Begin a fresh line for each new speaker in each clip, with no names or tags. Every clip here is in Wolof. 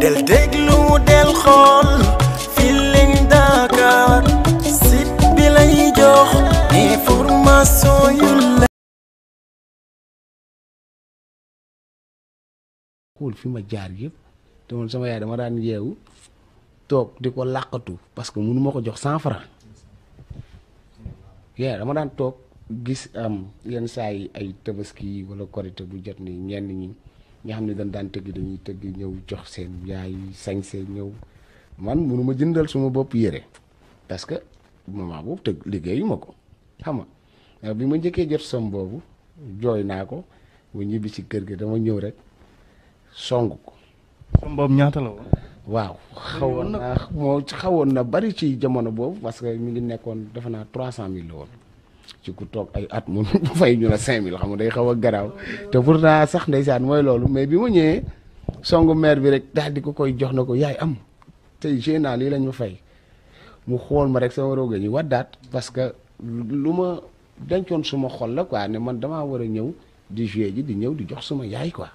del déglu del xool Feeling
fi ma jaar yëpp te man sama yaay dama daan yeewu toog di ko làqatu parce que mënu ma ko jox cent franc yaa dama daan toog gis am yenn saa yi ay tabaski wala korite bu jot ni ñenn ñi nga xam ne dañ daan tëgg dañuy tëgg ñëw jox seen yaay sañse ñëw man mënuma jëndal suma bopp yére parce que moment boobu tëgg liggéeyuma ko xam bi ma njëkkee jot som boobu jooy naa ko ba ñibbi si kër gi dama ñëw rek song
ko. som boobu ñaata la woon. waaw
xawoon na moo xawoon na bari ci jamono boobu parce que mi ngi nekkoon defe naa trois cent mille la woon. ci ku toog ay at mun fay ñu la 5000 xam nga day xaw a garaaw te pourtant sax ndeysaan mooy loolu mais bi ma ñëwee songu maire bi rek daal di ko koy jox na ko yaay am tey génnaal lii lañ ma fay mu xool ma rek sama roga ñi waddaat parce que lu ma dencoon suma xol la quoi ne man damaa war a ñëw di jouer ji di ñëw di jox suma yaay quoi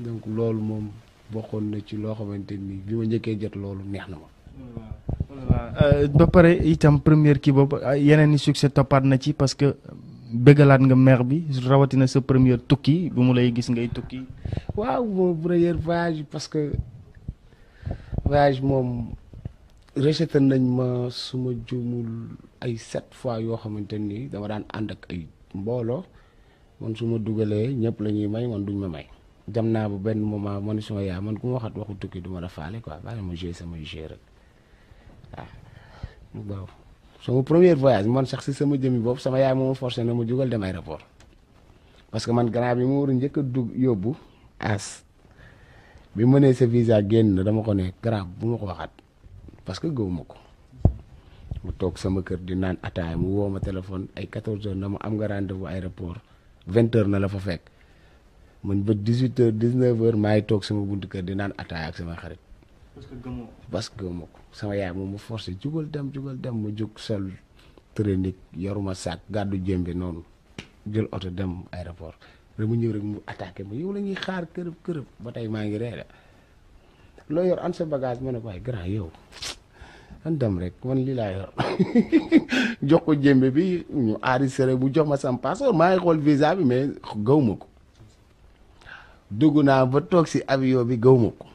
donc loolu moom bokkoon na ci loo xamante ni bi ma njëkkee jot loolu neex na ma. Euh, ba pare
itam première kii boobu ah, yeneen i succès toppaat na ci parce que bëggalaat nga maire bi rawatina sa première tukki bu mu lay gis ngay tukki.
waaw boobu première voyage parce que voyage moom rejeté nañ ma suma juumul ay sept fois yoo xamante nii dama daan ànd ak ay mbooloo man su ma dugalee ñëpp la ñuy may man duñ ma may. dem naa bu benn moment man suma yaay man ku ma waxat waxu tukki du ma la faale quoi bàyyi ma joué sama jeu Ah. waaw waaw sama premier voyage man sax si sama jëmmi bopp sama yaay moom forcé na ma jugal dem aéroport parce que man grand bi ma war a njëkk a dugg yóbbu as bi ma nee sa visa génn na dama ko ne grand bu ma ko waxaat parce que gëw ko mu toog sama kër di naan ataay mu woo ma téléphone ay 14 heures na ma am nga rendez-vous aéroport 20 na la fa fekk man ba 18 heures 19 heures maa ngi toog sama buntu kër di naan ataay ak sama xarit. parce que gëmoo ko. parce que gëmoo ko sama yaay moom mu forcé jugal dem jugal dem mu jug sol trénik yoruma saak gàddu jëmbe noonu jël oto dem aéroport rek mu ñëw rek mu attaqué ma yow la xaar kërëb kërëb ba tey maa ngi reere loo yor an bagage ma ne ko waaye grand yow dem rek man lii jox ko jëmbe bi ñu enregistré bu jox ma sam passeport maa ngi xool visa bi mais gaw ma ko dugg naa ba toog si avion bi gaw ma ko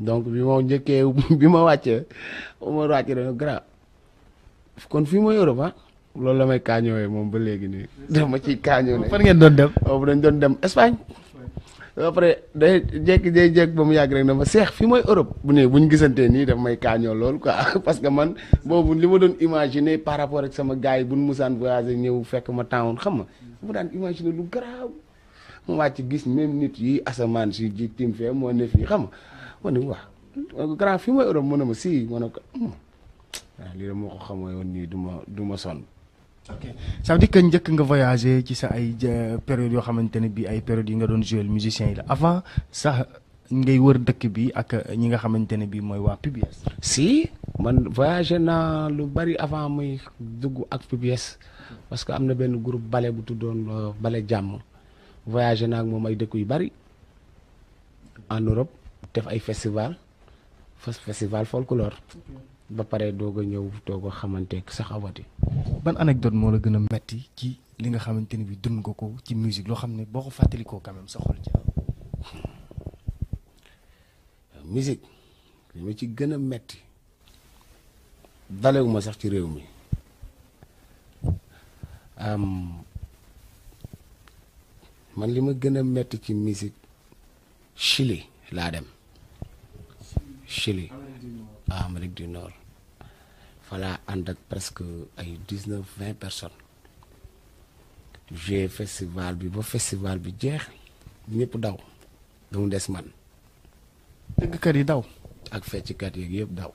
donc bi ma njëkkee bi ma wàccee Omar wàcce dañu grand kon fi mooy Europe ah loolu la may kaañoowee moom ba léegi nii ma ciy kaañoo ne fan ngeen doon dem boobu dañ doon dem Espagne après day jékki day jékki ba mu yàgg rek dama seex fii mooy Europe bu ne bu ñu gisantee nii daf may kaañoo lool quoi parce que man boobu li ma doon imaginer par rapport ak sama gars yi bu nu musaan voyager ñëw fekk ma temps xam nga mu daan imaginer lu garaaw mu wàcc gis même nit yi asamaan si ji tim fee moo ne fii xam nga ma ne ko hmm. ah, lii de moo ko xamoo nii duma ma du ma sonn.
ok ça que njëkk nga voyagé ci sa ay période yoo xamante ne bii ay période yi nga doon joué musiciens yi la avant sax ngay wër dëkk bi ak ñi nga xamante ne bii mooy waa PBS. si man
voyagé naa lu bari avant muy dugg ak PBS parce que am na benn group bale bu tuddoon euh, bale jàmm voyagé naa ak moom ay dëkk yu bari en Europe. def ay festival festival folklore ba pare doog a ñëw doog a xamanteeg sax awati
ban anecdote moo la gën a metti ci li nga xamante ni bi dund ko ko ci musique loo xam ne boo ko fàttalikoo quand même sa xol ja
hmm. ci gën a metti dalewuma sax ci réew mi man li ma gën a metti ci musique Chili laa dem Chili Amérique du Nord falaa ànd ak presque ay dix neuf vingt personnes joué festival bi ba festival bi jeex ñépp daw ba des man tëggkat yi daw ak fecckat yeeg yëpp daw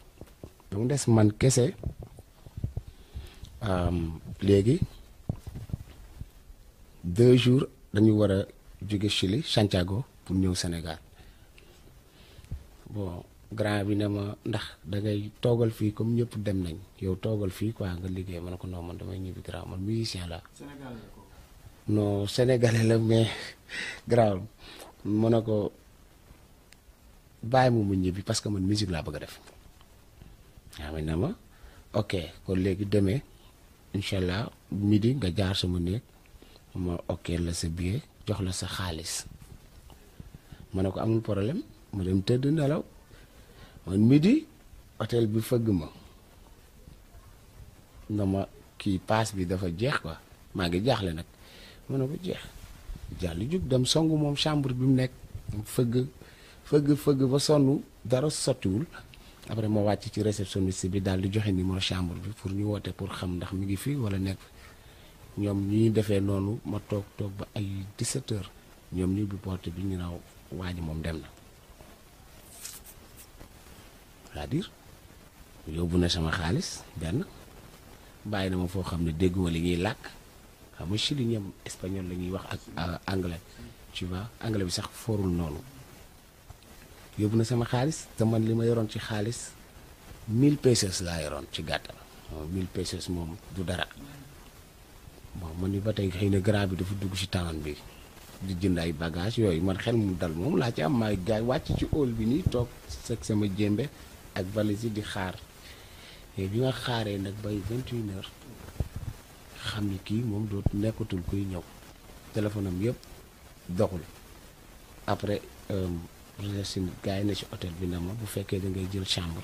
ba des man kese léegi deux jours dañu war a jóge Chili Santiago pour ñëw senegal bon grand bi na ma ndax dangay toogal fii comme ñëpp dem nañ yow toogal fii quoi nga liggéey man ko non man damay ñibbi grand man musicien la non sénégalais la mais grand ma ne ko bàyyi ma mu ñibbi parce que man musique laa bëgg a def yaa ngi ne ma ok kon léegi deme incha allah midi nga jaar sama néeg ma ok la sa billet jox la sa xaalis ma ne ko amul problème ma dem tëdd nelaw. man midi hôtel bi fëgg ma na ma kii paas bi dafa jeex quoi maa ngi jaaxle nag ma ne ko jeex jàll jug dem song moom chambre bi mu nekk fëgg fëgg fëgg ba sonn dara sottiwul après ma wàcc ci réceptionniste bi daal di joxe ni numéro chambre bi pour ñu woote pour xam ndax mi ngi fii wala nekk ñoom ñuy defee noonu ma toog toog ba ay 17 ñoom ñu bi porte bi ñu naaw waa ji moom dem na cest yóbbu na sama xaalis benn bàyyi na ma foo xam ne dégguma li ñuy làkk xam nga Chili ñoom espagnol la ñuy wax ak euh, anglais tu vois anglais bi sax forul noonu yóbbu na sama xaalis te man li ma yoroon ci xaalis 1000 pesos laa yoroon ci gàttal moom 1000 pesos moom du dara bon man ni ba tey xëy na grand bi dafa dugg ci tawan bi di jënd ay bagage yooyu man xel mu dal moom laa ci am maay gaay wàcc ci óol bi nii toog seg sama jéembe ak valise yi di xaar mais bi nga xaaree nag bay vingt et xam ni kii moom doot nekkatul kuy ñëw téléphone am yëpp doxul après euh, recherche gars yi na ci hôtel bi na ma bu fekkee da ngay jël chambre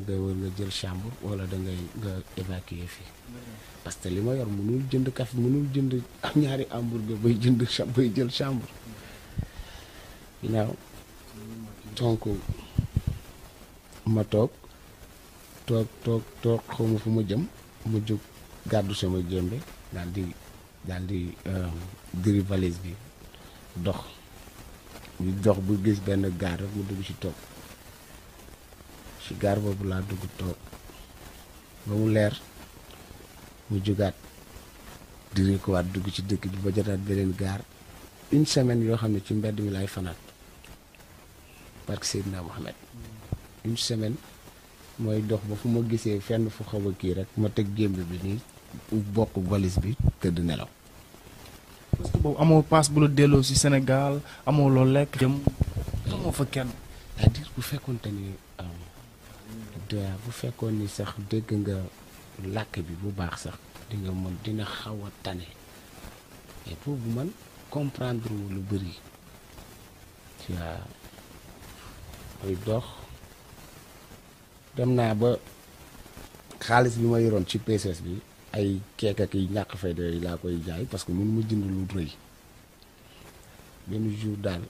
nga war nga jël chambre wala da ngay nga évacuer fii parce que li ma yor mënul jënd café mënul jënd am ñaari hamburger bay jënd bay jël chambre you know ma toog toog toog toog xaw fu ma jëm mu jóg gàddu sama jëmbe daal di daal diri euh, valise bi dox ñu dox bu gis benn gaar rek mu dugg ci toog ci gaar boobu laa dugg toog ba mu leer mu jógaat diri ko waat dugg ci dëkk bi ba jotaat beneen gaar une semaine yoo xam ne ci mbedd mi laay fanaat parce que Seydina Mohamed une semaine mooy dox ba fu ma gisee fenn fu xawa kii rek ma teg gémb bi nii bokk valise bi tëdd
nelaw. parce que boobu amoo paas bu la delloo si Sénégal amoo loo lekk jëm bu fekkoonte ni euh, bu
fekkoon ni sax dégg nga làkk bi bu baax sax di nga xaw a tane et boobu man comprendre wu lu bëri. tu muy dox. dem naa ba xaalis bi ma yoroon ci PCS bi ay keek ak yi ñàkk fayda yooyu laa koy jaay parce que munu ma jënd lu rëy benn jour daal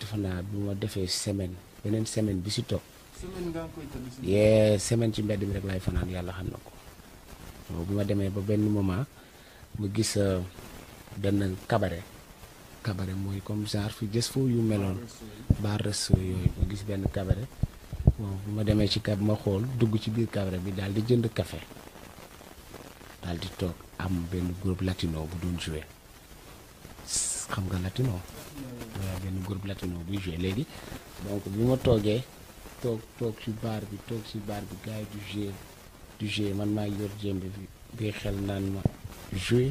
defe naa bi ma defee semaine beneen semaine bi si toog.
semaine nga koy yee
semaine ci mbedd mi rek laay fanaan yàlla xam na ko. bu ma demee ba benn moment ma gis euh, benn cabaret cabaret mooy comme genre fi gës foofu yu meloon. bar resto yooyu ma gis benn cabaret. ma demee ci cab ma xool dugg ci biir cabaret bi daal di jënd kafe daal di toog am benn groupe latino bu doon joué xam nga latino waaw benn groupe latino buy joué léegi donc bi ma toogee toog toog ci baar bi toog ci baar bi gars du joué du joué man maa yor jëmbe bi bii xel naan ma joué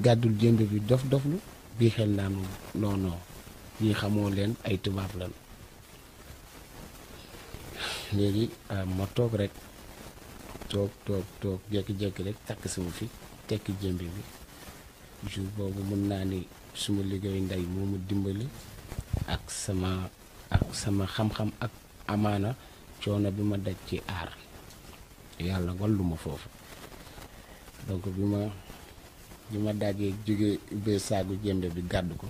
gàddul jëmbe bi dof doflu bii xel naan non non ñi xamoo leen ay tubaab lañu léegi euh, ma toog rek toog toog toog jékki-jékki rek takk sama fi tekki jëmbi bi jour boobu mën naa ni suma liggéey nday moo ma dimbali ak sama ak sama xam-xam ak amaana coono bi ma daj ci aar yàlla walluma foofu donc bi ma bi ma dajee jóge bee saagu jëmbe bi gàdd ko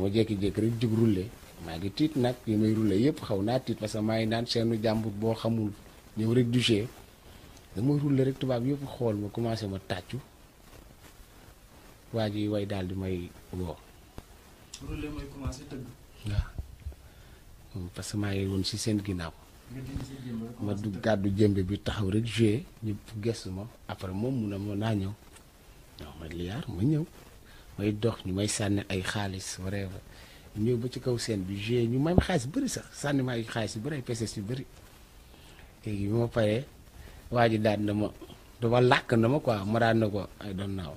ma jékki-jékki rek jug rulle maa ngi tiit nag yi may roulé yëpp xaw naa tiit parce que maa ngi naan seenu jàmbur boo xamul ñëw rek duché damay roulé rek tubaab yëpp xool ma commencé ma tàccu waa ji way daal di may woo. roulé parce que maa ngi woon si seen ginnaaw. ma du gàddu jëmbe bi taxaw rek joué ñëpp gëstu ma après moom mu a ma naa ñëw. non ma liyaar ma ñëw may dox ñu may sànni ay xaalis whatever ñëw ba ci kaw scène bi joué ñu may ma xaalis bëri sax sànni maa xaalis yu bari ay peses yu bëri léegi bi ma paree waa ji daal na ma dama làkk na ma quoi ma daan na ko ay doon naaw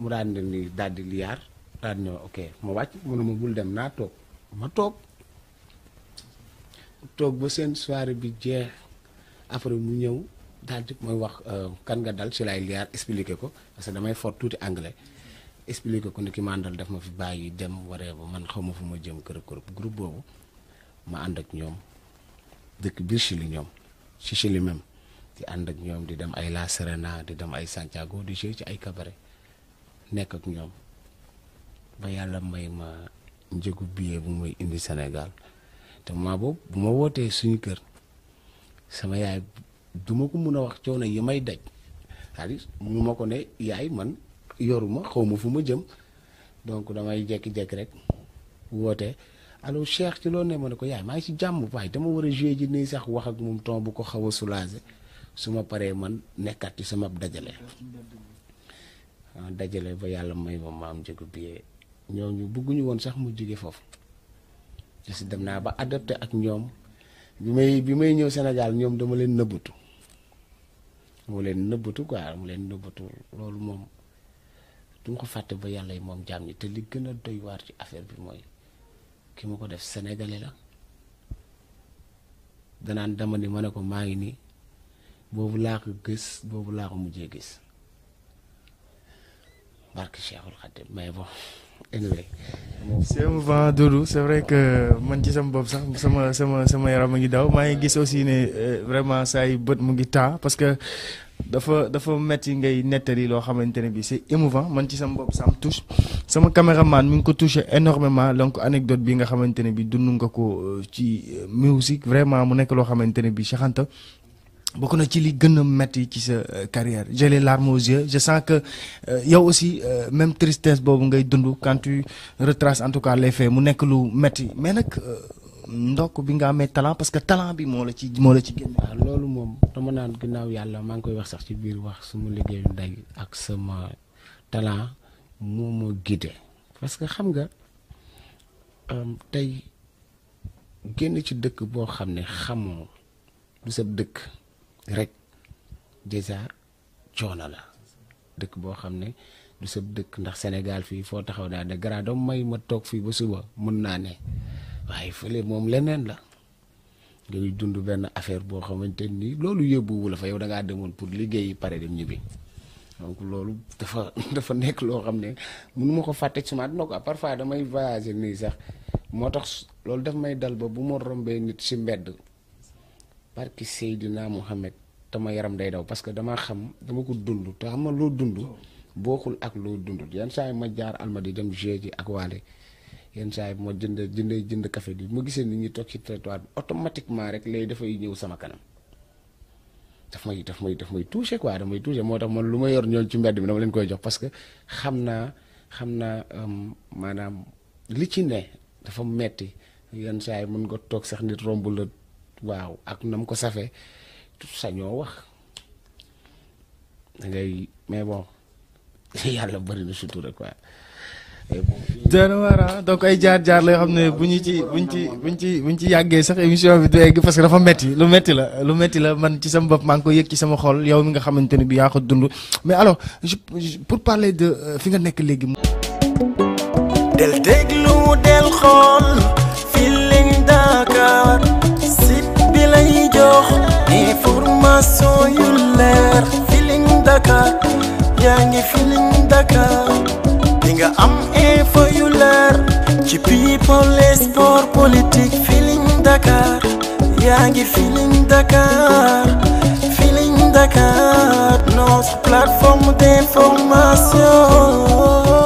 mu daan na ni daal di liyaar daal di ok ma wàcc mu bul dem naa toog ma toog toog ba seen soirée bi jeex après mu ñëw daal di mooy wax euh, kan nga dal si laay liyaar expliqué ko parce que damay fort tuuti anglais. expliqué ko ni ki ma àndal daf ma fi bàyyi dem waree ba man xaw ma fu ma jëm kër groupe groupe boobu ma ànd ak ñoom dëkk biir Chili ñoom ci li même di ànd ak ñoom di dem ay La Serena di dem ay Santiago di ci ay kabare nekk ak ñoom ba yàlla may ma njëgu billet bu muy indi Sénégal te moment boobu bu ma wootee suñu kër sama yaay duma ko mun a wax coono yi may daj cest mu ma ko ne yaay man. yoruma xaw ma fu ma jëm donc damay jékki-jékki rek woote allo Cheikh ci loolu ne ma ne ko yaay maa ngi si jàmm waaye dama war a joué ji nii sax wax ak moom ton bu ko xaw a soulager su ma paree man nekkaat ci sama dajale. dajale ba yàlla may ma maam njëgu biyee ñooñu bugguñu woon sax mu jóge foofu parce que dem naa ba adopté ak ñoom bi may bi may ñëw Sénégal ñoom dama leen nëbbatu dama leen nëbbatu quoi dama leen nëbbatu loolu moom. du ma ko fàtte ba yàlla yi moom jaam ñi te li gën a doy waar ci affaire bi mooy ki ma ko def sénégalais la danaan dama ni ma ne ko maa ngi nii boobu laa ko gis boobu laa ko mujjee gis barke Cheikhul Khadim mais bon anyway c'est émouvant
Doudou c'est vrai que man ci sama bopp a ngi euh, bët mu ngi taa parce dafa dafa metti ngay nettali loo xamante ne bi c'est émouvant man ci sama bopp sam touche sama caméraman mi ngi ko touché énormément donc anecdote bi nga xamante ne bi dund nga ko euh, ci euh, musique vraiment mu nekk loo xamante ne bi Cheikh Anta bokk na ci li gëna a metti ci sa euh, carrière j'ai les larmes aux je sens que yow aussi même tristesse boobu ngay dundu quand tu en tout cas les faits mu nekk lu metti mais nag ndokk bi nga amee talent parce que talent bi moo la ci moo la ci génn.
loolu moom dama naan ginnaaw yàlla maa ngi koy wax sax ci biir wax suma liggéeyu ndey ak sama talent moo ma guidé parce que xam nga euh, tey génn ci dëkk boo xam ne xamoo du sa dëkk rek déjà coono la dëkk boo xam ne du sa dëkk ndax Sénégal fii foo taxaw daal de grado may ma toog fii ba suba mën naa ne. waaye fële moom leneen la ngay dund benn affaire boo xamante ni loolu yóbbuwu la fa yow da ngaa demoon pour liggéeyi pare dem bi donc loolu dafa dafa nekk loo xam ne mënu ma ko fàtte ci ma dina ko parfois damay voyager nii sax moo tax loolu daf may dal ba bu ma rombee nit ci mbedd barki Seydina Mohamed dama yaram day daw parce que dama xam dama ko dund te xam nga loo dund bokkul ak loo dund yan saa yi ma jaar di dem jeu ji ak waale yenn saa yi bu ma jënd jënd jënd café bi ma gisee nit ñi toog ci trottoir bi automatiquement rek lay dafay ñëw sama kanam daf may daf may daf may touché quoi daf may moo tax man lu ma yor ñooñu ci mbedd mi dama leen koy jox parce que xam naa xam naa euh, maanaam li ci ne dafa metti yenn saa yi mën nga toog sax nit romb la waaw ak nam ko safee sañoo wax da ngay mais bon yàlla bëri na sutura quoi.
janwara ah. donc ay jaar-jaar la yoo xam ne bu ñu ci buñ ci buñ ci buñ ci yàggee sax émission bi du egg parce que dafa metti lu metti la lu metti la man ci sama bopp maa ngi ko yëg ci sama xol yow mi nga xamante ne bi yaa ko dund mais alors pour parler de euh, fi nga nekk léegi del déglu del xool Feeling Dakar site bi lay jox information yu leer Feeling Dakar yaa ngi Feeling Dakar nga am info yu leer ci people et sport politique Feeling Dakar yaa ngi Dakar Feeling Dakar notre plateforme d'information